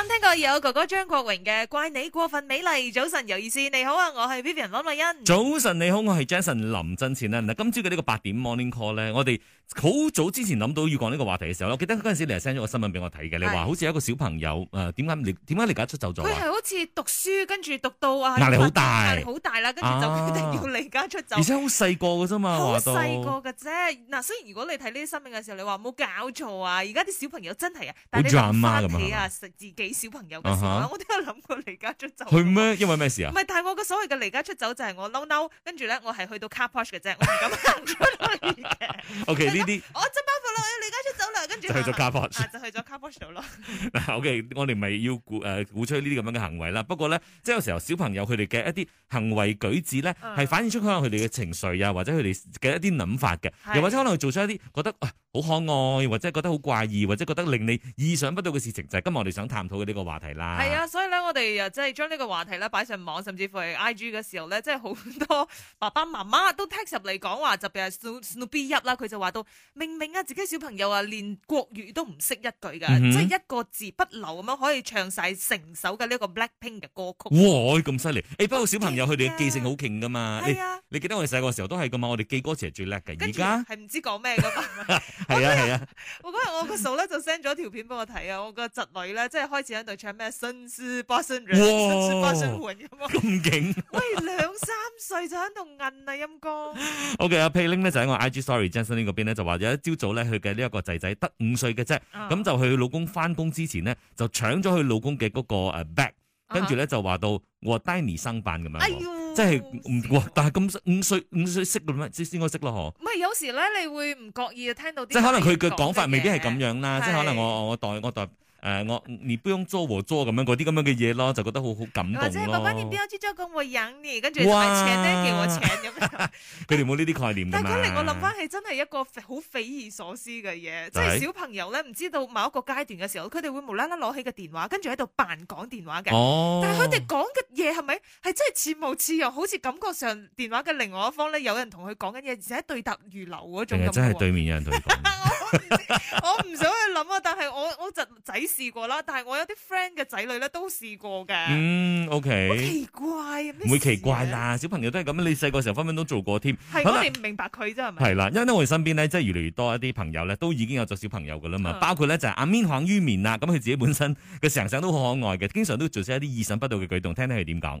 啱聽過有哥哥張國榮嘅《怪你過分美麗》，早晨有意思，你好啊，我係 Vivian 方麗欣。早晨你好，我係 Jason 林振前啊。嗱，今朝嘅呢個八點 Morning Call 咧，我哋。好早之前諗到要講呢個話題嘅時候，我記得嗰陣時你係 send 咗個新聞俾我睇嘅，你話好似有一個小朋友誒，點解點解離家出走咗？佢係好似讀書跟住讀到啊壓力好大，壓力好大啦，啊、跟住就決定要離家出走。啊、而且好細個嘅啫嘛，好細個嘅啫。嗱到，雖然、啊、如果你睇呢啲新聞嘅時候，你話冇搞錯啊，而家啲小朋友真係啊，當住阿媽啊，自己小朋友嘅時候，我都有諗過離家出走。去咩？因為咩事啊？唔係，但係我嘅所謂嘅離家出走就係我嬲嬲，跟住咧我係去到 car park 嘅啫，我唔敢出去嘅。 okay, 我執包袱咯。我要離家出。 就去咗卡佛， 就去咗卡佛度咯。 o、okay, k 我哋咪要鼓誒鼓吹呢啲咁樣嘅行為啦。不過咧，即係有時候小朋友佢哋嘅一啲行為舉止咧，係、嗯、反映出可能佢哋嘅情緒啊，或者佢哋嘅一啲諗法嘅，是又或者可能做出一啲覺得好、哎、可愛，或者覺得好怪異，或者覺得令你意想不到嘅事情，就係、是、今日我哋想探討嘅呢個話題啦。係啊，所以咧，我哋誒即係將呢個話題咧擺上網，甚至乎係 IG 嘅時候咧，即係好多爸爸媽媽都 text 入嚟講話，特別係 Snow 啦，佢就話到明明啊，自己小朋友啊，連國語都唔識一句噶，即係一個字不漏咁樣可以唱晒成首嘅呢一個 Black Pink 嘅歌曲。哇，咁犀利！誒，不過小朋友佢哋嘅記性好勁噶嘛？係啊，你記得我哋細個時候都係噶嘛？我哋記歌詞係最叻嘅。而家係唔知講咩噶嘛？係啊係啊，我嗰日我個嫂咧就 send 咗條片畀我睇啊，我個侄女咧即係開始喺度唱咩？Sunset Bossing，Sunset Bossing Moon 咁啊，咁勁！喂，兩三歲就喺度吟啊音歌。O.K.，阿 Payling 咧就喺我 I.G. Story Justin 嗰邊咧就話，有一朝早咧佢嘅呢一個仔仔得，五歲嘅啫，咁、啊、就佢老公翻工之前咧，就搶咗佢老公嘅嗰個誒 back，啊、跟住咧就話到我話 Danny 生扮咁樣，哎、呦即係是唔、哦，但係咁五歲五歲識咁樣先先該識咯嗬。唔係有時咧，你會唔覺意啊聽到啲，即係可能佢嘅講法的未必係咁樣啦，的即係可能我我代我代。我代誒、呃，我你不用做和做咁樣嗰啲咁樣嘅嘢咯，就覺得好好感動。我仔，爸爸你不要去做工，我養你，跟住還錢咧，給我錢咁樣。佢哋冇呢啲概念 但係佢令我諗翻起真係一個好匪夷所思嘅嘢，是即係小朋友咧，唔知道某一個階段嘅時候，佢哋會無啦啦攞起個電話，跟住喺度扮講電話嘅。哦、但係佢哋講嘅嘢係咪係真係似模似樣，好似感覺上電話嘅另外一方咧，有人同佢講緊嘢，而且對答如流嗰種感覺。其實真係對面有人同你 我唔想去諗啊，但係我我侄仔試過啦，但係我有啲 friend 嘅仔女咧都試過嘅。嗯，OK。奇怪，唔會奇怪啦，小朋友都係咁。你細個時候分分都做過添。係是，可能你唔明白佢啫係咪？係啦，因為咧我哋身邊咧即係越嚟越多一啲朋友咧都已經有咗小朋友噶啦嘛，包括咧就係阿 Min 項于綿啊。咁佢自己本身個成成都好可愛嘅，經常都做出一啲意想不到嘅舉動，聽聽佢點講。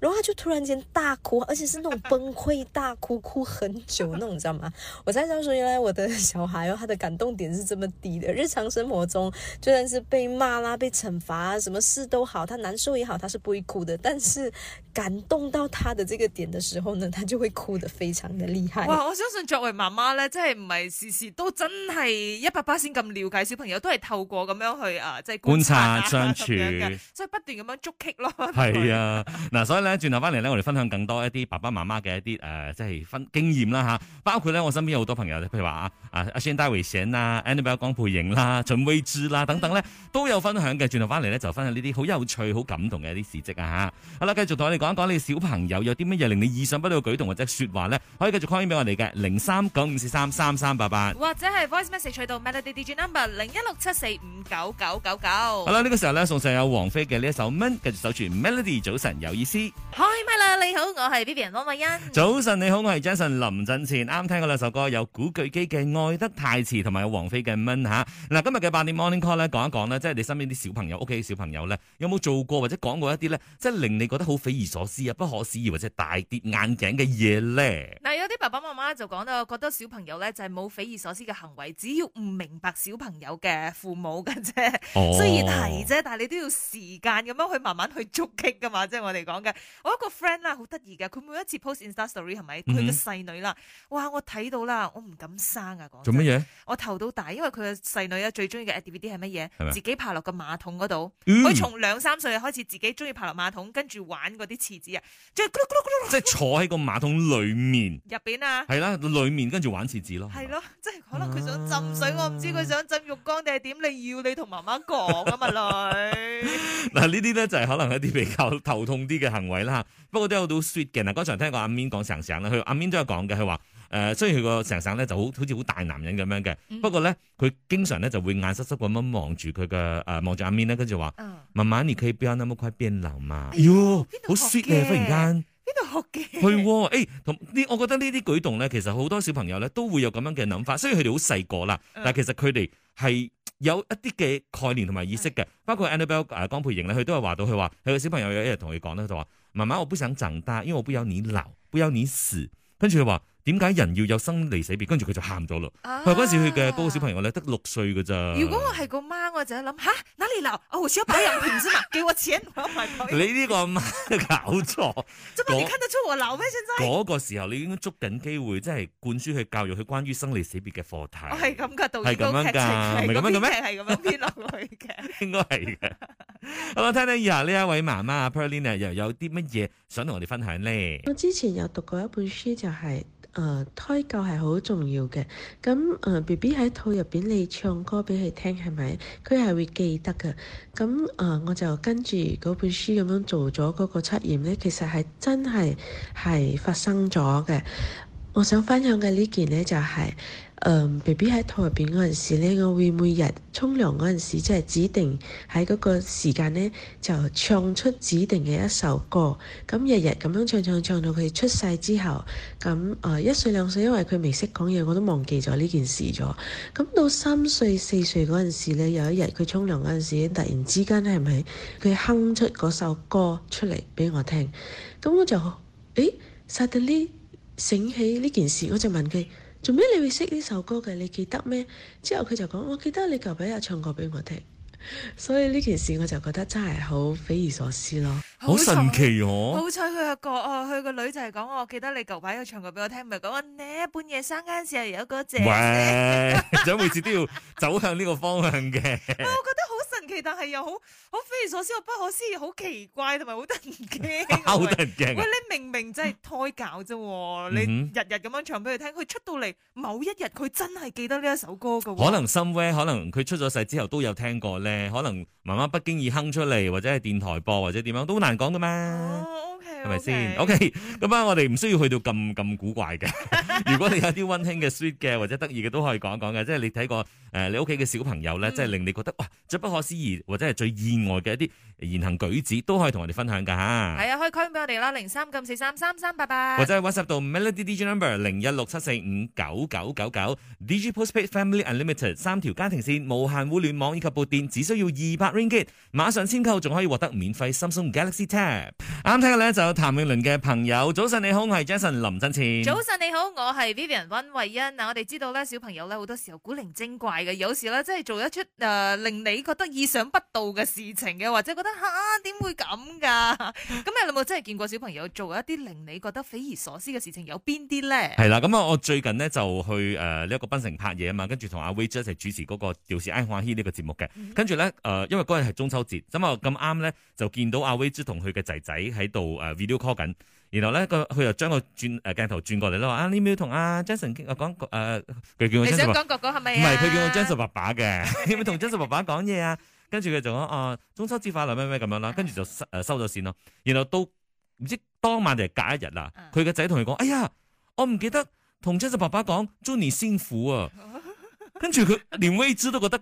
然後他就突然間大哭，而且是那種崩潰大哭，哭很久那種，你知道嗎？我在想說，原來我的小孩他的感動點是這麼低的。日常生活中，就算是被罵啦、被懲罰，什麼事都好，他難受也好，他是不會哭的。但是感動到他的這個點的時候呢，他就會哭得非常的厲害。哇，我相信作為媽媽呢，真係唔係事事都真係一百巴仙咁了解小朋友，都係透過咁樣去啊，即係觀察相處，所以不斷咁樣捉棘咯。係啊。 嗱，所以咧，轉頭翻嚟咧，我哋分享更多一啲爸爸媽媽嘅一啲誒，即、呃、係、就是、分經驗啦嚇，包括咧我身邊有好多朋友，譬如話啊啊阿宣 Die with Shen 啦 Annabel 光培瑩啦，陳威志啦，啦等等咧都有分享嘅。轉頭翻嚟咧，就分享呢啲好有趣、好感動嘅一啲事蹟啊嚇。好啦，繼續同我哋講一講你小朋友有啲乜嘢令你意想不到嘅舉動或者説話咧，可以繼續 call 起俾我哋嘅零三九五四三三三八八，或者係 voice message 渠道 melody digital number 零一六七四五九九九九。好啦，呢、這個時候咧，送上有王菲嘅呢一首《Man》，繼續守住 melody 早晨有。Hi Myla！你好，我係 Vivian 汪慧欣。早晨，你好，我係 Jason 林振前。啱啱聽過兩首歌，有古巨基嘅《愛得太遲》，同埋有王菲嘅《悶》吓。嗱，今日嘅八點 Morning Call 咧，講一講呢，即係你身邊啲小朋友，屋企嘅小朋友咧，有冇做過或者講過一啲咧，即係令你覺得好匪夷所思啊、不可思議或者大跌眼鏡嘅嘢咧？嗱，有啲爸爸媽媽就講到，覺得小朋友咧就係冇匪夷所思嘅行為，只要唔明白小朋友嘅父母嘅啫，哦、雖然係啫，但係你都要時間咁樣去慢慢去觸及噶嘛，即係我哋講。講嘅，我一個 friend 啦，好得意嘅，佢每一次 post Instagram story 係咪？佢個細女啦，哇，我睇到啦，我唔敢生啊！講做乜嘢？我頭到大，因為佢個細女咧最中意嘅 activity 係乜嘢？自己爬落個馬桶嗰度，佢從兩三歲開始自己中意爬落馬桶，跟住玩嗰啲廁紙啊，即係坐喺個馬桶裏面入邊啊，係啦，裏面跟住玩廁紙咯，係咯，即係可能佢想浸水，我唔知佢想浸浴缸定係點，你要你同媽媽講啊嘛，女嗱呢啲咧就係可能一啲比較頭痛啲，嘅行為啦不過都有到 sweet 嘅嗱，嗰場聽過阿 Min 講成成啦，佢阿 Min 都有講嘅，佢話誒，雖然佢個成成咧就好好似好大男人咁樣嘅，不過咧佢經常咧就會眼濕濕咁樣望住佢嘅誒，望住阿 Min 咧，跟住話慢慢你可以不要那麼快變老嘛，喲好 sweet 忽然間邊度學嘅？係誒、哦，同、欸、呢，我覺得呢啲舉動咧，其實好多小朋友咧都會有咁樣嘅諗法，雖然佢哋好細個啦，但其實佢哋係。有一啲嘅概念同埋意識嘅，包括 Annabelle 誒、呃、江佩瑩咧，佢都係話到她說，佢話佢個小朋友有一日同佢講咧，就話媽媽我不想長大，因為我不要你老，不要你死。跟住佢話。點解人要有生離死別？跟住佢就喊咗咯。佢嗰時佢嘅嗰個小朋友咧得六歲噶咋。如果我係個媽，我就諗下，嗱你流，我好似一擺人瓶之嘛，給我錢。你呢個媽搞錯。咁啊，你看得出我流咩？先生！嗰個時候你應該捉緊機會，即係灌輸去教育佢關於生離死別嘅課題。我係咁嘅導演，係咁樣噶，係咁樣嘅咩？係咁樣編落去嘅，應該係嘅。好啦，聽聽以下呢一位媽媽阿 Pearlina 又有啲乜嘢想同我哋分享咧？我之前有讀過一本書，就係。誒、呃、胎教係好重要嘅，咁誒 B B 喺肚入邊你唱歌畀佢聽係咪？佢係會記得嘅。咁誒、呃，我就跟住嗰本書咁樣做咗嗰個測驗咧，其實係真係係發生咗嘅。我想分享嘅呢件咧就係、是。誒 B B 喺肚入邊嗰陣時咧，我會每日沖涼嗰陣時，即係指定喺嗰個時間咧，就唱出指定嘅一首歌。咁日日咁樣唱唱唱到佢出世之後，咁誒、uh, 一歲兩歲，因為佢未識講嘢，我都忘記咗呢件事咗。咁到三歲四歲嗰陣時咧，有一日佢沖涼嗰陣時突然之間係咪佢哼出嗰首歌出嚟畀我聽？咁我就誒 suddenly 醒起呢件事，我就問佢。做咩你會識呢首歌嘅？你記得咩？之後佢就講：我記得你舊日唱過畀我聽，所以呢件事我就覺得真係好匪夷所思咯。好神奇哦、啊！好彩佢阿哥哦，佢個女就係講我記得你舊排有唱歌俾我聽，咪係講話咧半夜三更時有個姐姐。喂，想 每次都要走向呢個方向嘅。我覺得好神奇，但係又好好匪夷所思，又不可思議，好奇怪同埋好得人驚。好得人驚！喂，你明明真係胎教啫， 你日日咁樣唱俾佢聽，佢出到嚟某一日佢真係記得呢一首歌嘅。可能 somewhere，可能佢出咗世之後都有聽過咧，可能媽媽不經意哼出嚟，或者係電台播，或者點樣都難。講噶嘛，OK，係咪先？OK，咁啊，我哋唔需要去到咁咁古怪嘅。如果你有啲温馨嘅 sweet 嘅或者得意嘅都可以講一講嘅，即係你睇過誒，你屋企嘅小朋友咧，即係令你覺得哇，最不可思議或者係最意外嘅一啲言行舉止，都可以同我哋分享噶吓。係啊，開腔俾我哋啦，零三九四三三三，八八。或者 WhatsApp 到 Melody D J Number 零一六七四五九九九九，D J Postpaid Family Unlimited 三條家庭線，無限互聯網以及撥電，只需要二百 Ringgit，馬上簽購仲可以獲得免費贈送 Galaxy。啱聽嘅咧就譚詠麟嘅朋友，早晨你，你好，我係 Jason 林振前。早晨你好，我係 Vivian 溫慧欣。嗱，我哋知道咧小朋友咧好多時候古靈精怪嘅，有時咧真係做一出誒、呃、令你覺得意想不到嘅事情嘅，或者覺得吓點會咁噶？咁 你有冇真係見過小朋友做一啲令你覺得匪夷所思嘅事情有邊啲咧？係啦，咁、嗯、啊我最近呢，就去誒呢一個檳城拍嘢啊嘛，跟住同阿 w e e 一齊主持嗰、那個《調絲愛華希》這個節嗯、哼呢個節目嘅，跟住咧誒因為嗰日係中秋節，咁啊咁啱咧就見到阿 w e e 同佢嘅仔仔喺度誒 video call 緊，然後咧佢，佢又將個轉誒、啊、鏡頭轉過嚟咧話啊，你有要同阿 Justin 誒講誒？佢、啊、叫我你想講個個係咪？唔係佢叫我 Justin 爸爸嘅，有冇同 Justin 爸爸講嘢啊？跟住佢就講啊中秋節快樂咩咩咁樣啦，跟住就誒收咗、啊、線咯。然後到唔知當晚定係隔一日啦，佢嘅仔同佢講：哎呀，我唔記得同 Justin 爸爸講 Johnny 先苦啊！跟住佢連威知都覺得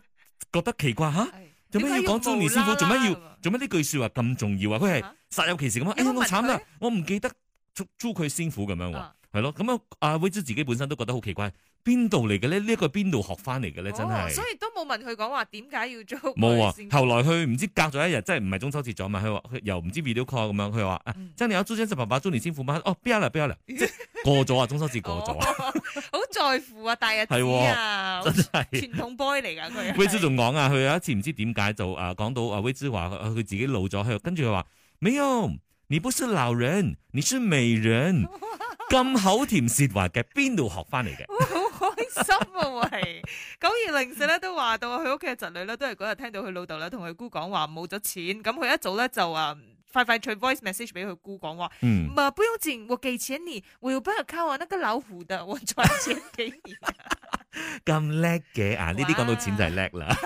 覺得奇怪嚇。啊做咩要講租尼師傅？做咩要？做咩呢句說話咁重要啊？佢係煞有其事咁啊！哎，我慘啦，啊啊，我唔記得捉租佢師傅咁樣，係咯？咁啊，阿威之自己本身都覺得好奇怪。邊度嚟嘅咧？呢一、這個邊度學翻嚟嘅咧？真係，哦、所以都冇問佢講話點解要租。冇啊，後來佢唔知隔咗一日，即係唔係中秋節咗嘛？佢話佢又唔知 video call 咁樣。佢話啊真爸爸，中年有中年十八八，中年先富嘛。哦，邊啊嚟？邊啊嚟？過咗啊，中秋節過咗啊，好在乎啊，大日子、啊， 啊、真係傳統 boy 嚟噶佢。威之仲講啊，佢有一次唔知點解就啊講到啊威之話佢自己老咗，跟住佢話，沒有，你不是老人，你是美人，咁 口甜舌滑嘅邊度學翻嚟嘅？ 心無畏，九二零四，咧都話到佢屋企嘅侄女咧都係嗰日聽到佢老豆咧同佢姑講話冇咗錢，咁佢一早咧就話快快脆 voice message 俾佢姑講話，唔啊不用錢，我寄錢你，我要辦佢靠啊那個老虎的，我再錢給你。咁叻嘅啊！呢啲講到錢就係叻啦。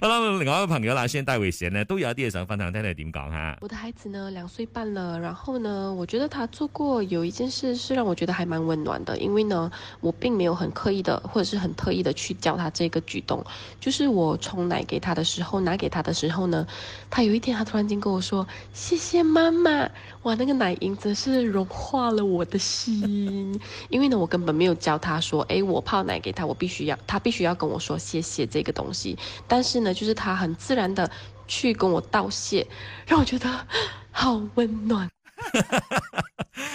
好啦，另外一位朋友啦，先戴偉賢呢，都有一啲嘢想分享，聽你點講吓。我的孩子呢，兩歲半了，然後呢，我覺得他做過有一件事，是讓我覺得還蠻溫暖的，因為呢，我並沒有很刻意的或者是很特意的去教他這個舉動，就是我沖奶給他的時候，拿給他的時候呢，他有一天，他突然間跟我說，謝謝媽媽。哇，那個奶音真是融化了我的心，因為呢，我根本沒有教他說，誒，我怕……」買給他，我必須要，他必須要跟我說謝謝這個東西。但是呢，就是他很自然的去跟我道謝，讓我覺得好溫暖。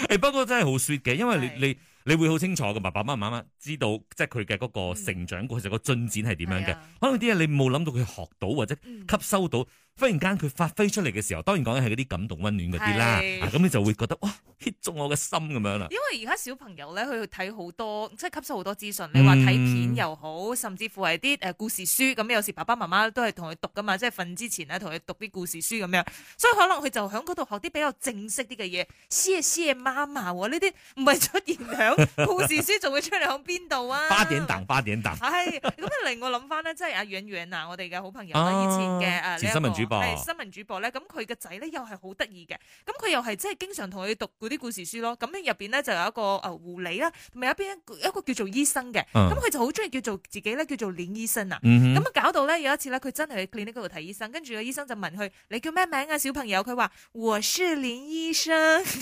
誒，不過真係好 sweet 嘅，因為你你你會好清楚嘅，爸爸媽媽知道即係佢嘅嗰個成長過程個進展係點樣嘅，可能啲嘢你冇諗到佢學到或者吸收到。忽然間佢發揮出嚟嘅時候，當然講係嗰啲感動温暖嗰啲啦，咁、啊、你就會覺得哇 hit 中我嘅心咁樣啦。Heart, 因為而家小朋友咧，佢去睇好多，即係吸收好多資訊。你話睇片又好，甚至乎係啲誒故事書，咁有時爸爸媽媽都係同佢讀噶嘛，即係瞓之前咧同佢讀啲故事書咁樣，所以可能佢就響嗰度學啲比較正式啲嘅嘢。C A C A 媽媽呢啲唔係出現響故事書，仲會出嚟響邊度啊？八點檔，八點檔。係咁啊！令我諗翻咧，即係阿婉婉啊，我哋嘅好朋友啦，以前嘅係新聞主播咧，咁佢個仔咧又係好得意嘅，咁佢又係即係經常同佢讀嗰啲故事書咯，咁樣入邊咧就有一個誒狐狸啦，同埋有邊一,一個叫做醫生嘅，咁佢、嗯、就好中意叫做自己咧叫做林醫生啊，咁啊、嗯、哼搞到咧有一次咧佢真係去 clinic 呢度睇醫生，跟住個醫生就問佢：你叫咩名啊小朋友？佢話：我是林醫生。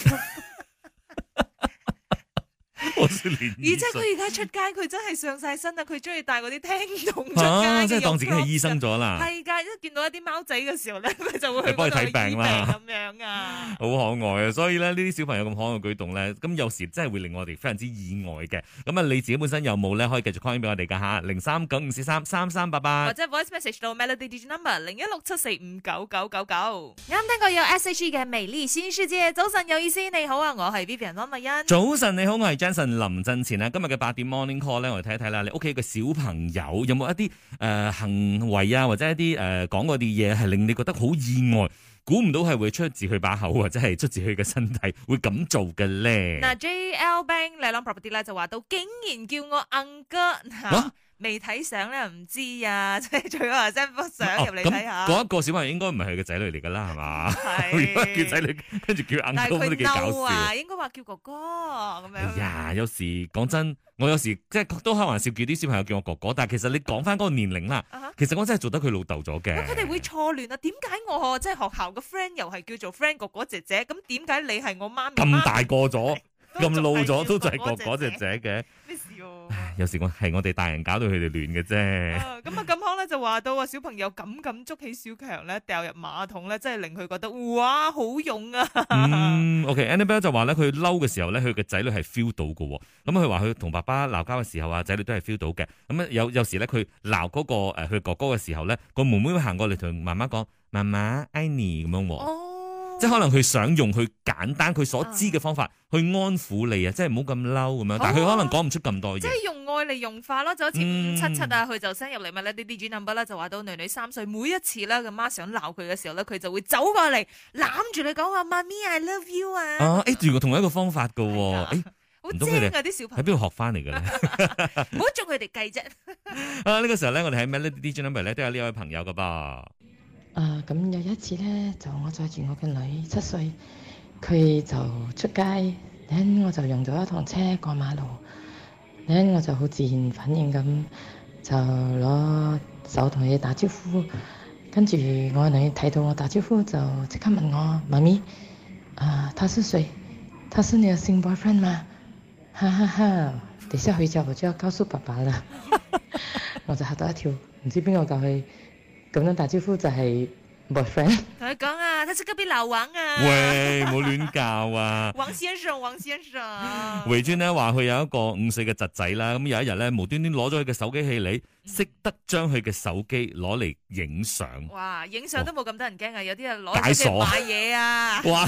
而且佢而家出街，佢真係上晒身啊！佢中意戴嗰啲聽筒出街，即係當自己係醫生咗啦。係噶，一見到一啲貓仔嘅時候咧，佢就會去幫佢睇病啦，咁樣啊。好可愛啊！所以咧，呢啲小朋友咁可愛嘅舉動咧，咁有時真係會令我哋非常之意外嘅。咁啊，你自己本身有冇咧？可以繼續 call 翻俾我哋噶吓，零三九五四三三三八八，或者 voice message 到 Melody Digital 零一六七四五九九九九。啱聽過有 S H G 嘅美麗新世界，早晨有意思，你好啊，我係 Vivian 温美欣。早晨你好，我係 Jason。.林振前咧，今日嘅八點 morning call 咧，我哋睇一睇啦。你屋企嘅小朋友有冇一啲誒、呃、行為啊，或者一啲誒、呃、講嗰啲嘢係令你覺得好意外，估唔到係會出自佢把口，或者係出自佢嘅身體會咁做嘅咧？嗱，JL Bank 你諗 property 咧就話到，竟然叫我 uncle 吓。未睇相咧，唔知啊。即係最好話 send 幅相入嚟睇下。咁、啊哦、一個小朋友應該唔係佢嘅仔女嚟㗎啦，係嘛？係是 叫仔女，跟住叫阿阿哥都幾搞笑。佢啊，應該話叫哥哥咁樣。哎、呀，有時講 真，我有時即係都開玩笑叫啲小朋友叫我哥哥，但係其實你講翻嗰個年齡啦， 其實我真係做得佢老豆咗嘅。佢哋、啊、會錯亂啊？點解我即係學校嘅 friend 又係叫做 friend 哥哥姐姐？咁點解你係我媽咪咁大個咗。 咁老咗都就係覺嗰隻仔嘅，咩事哦、啊？唉，有時我係我哋大人搞到佢哋亂嘅啫。咁啊，咁康咧就話到話小朋友咁咁捉起小強咧，掉入馬桶咧，真係令佢覺得哇，好勇啊！嗯，OK，Annabelle 就話咧，佢嬲嘅時候咧，佢嘅仔女係 feel 到嘅。咁佢話佢同爸爸鬧交嘅時候啊，仔女都係 feel 到嘅。咁、嗯、啊，有有時咧、那個，佢鬧嗰個誒，佢哥哥嘅時候咧，個妹妹行過嚟同媽媽講：媽媽，Annie 咁樣喎。即係可能佢想用佢簡單佢所知嘅方法、啊、去安撫你啊，即係唔好咁嬲咁樣，但係佢可能講唔出咁多嘢。即係用愛嚟融化咯，就好似七七啊，佢、嗯、就 send 入嚟 Melody D number 就話到女女三歲，每一次啦，佢媽想鬧佢嘅時候咧，佢就會走過嚟攬住你講啊媽咪，I love you 啊。哦、啊，誒、欸，同同一個方法噶、啊，誒的，好精嘅啲小朋友喺邊度學翻嚟嘅咧？唔好捉佢哋計啫。啊，呢、這個時候咧，我哋喺 Melody D number 呢都有呢位朋友噶噃。誒咁，uh, 嗯、有一次咧，就我載住我嘅女七歲，佢就出街，咧我就用咗一趟車過馬路，咧我就好自然反應咁就攞手同佢打招呼，跟住我女睇到我打招呼就即刻問我媽咪，Mommy, 啊他是誰？他是你嘅新 boyfriend 嗎？哈哈哈！等下回家我就要告訴爸爸啦， 我就嚇到一跳，唔知邊個教佢。咁樣打招呼就係 boyfriend。同佢講啊，他是隔壁老王啊。喂，冇亂教啊。 王先生，王先生。回娟咧話：佢有一個五歲嘅侄仔啦。咁有一日咧，無端端攞咗佢嘅手機器嚟。識得將佢嘅手機攞嚟影相，哇！影相都冇咁得人驚啊！有啲人攞嚟解鎖買嘢啊！哇！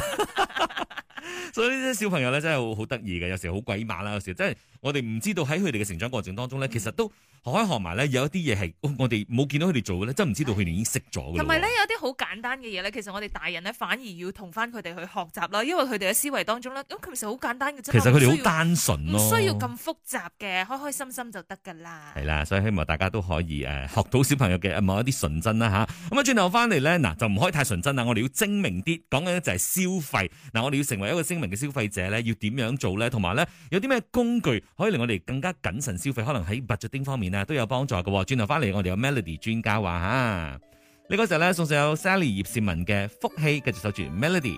所以呢啲小朋友咧真係好得意嘅，有時好鬼馬啦。有時真係、就是、我哋唔知道喺佢哋嘅成長過程當中咧，嗯、其實都學開學埋咧有一啲嘢係我哋冇見到佢哋做嘅咧，真唔知道佢哋已經識咗嘅。同埋咧有啲好簡單嘅嘢咧，其實我哋大人咧反而要同翻佢哋去學習啦，因為佢哋嘅思維當中咧咁其實好簡單嘅啫。其實佢哋好單純，唔需要咁、啊、複雜嘅，開開心心就得噶啦。係啦，所以希望大家，家都可以誒、呃、學到小朋友嘅某一啲純真啦嚇，咁啊轉頭翻嚟咧嗱就唔可以太純真啦，我哋要精明啲，講緊就係消費。嗱，我哋要成為一個精明嘅消費者咧，要點樣做咧？同埋咧，有啲咩工具可以令我哋更加謹慎消費？可能喺 budgeting 方面啊都有幫助嘅。轉頭翻嚟，我哋有 Melody 專家話嚇，啊、你呢個時候咧送上有 Sally 葉倩文嘅《福氣》，繼續守住 Melody。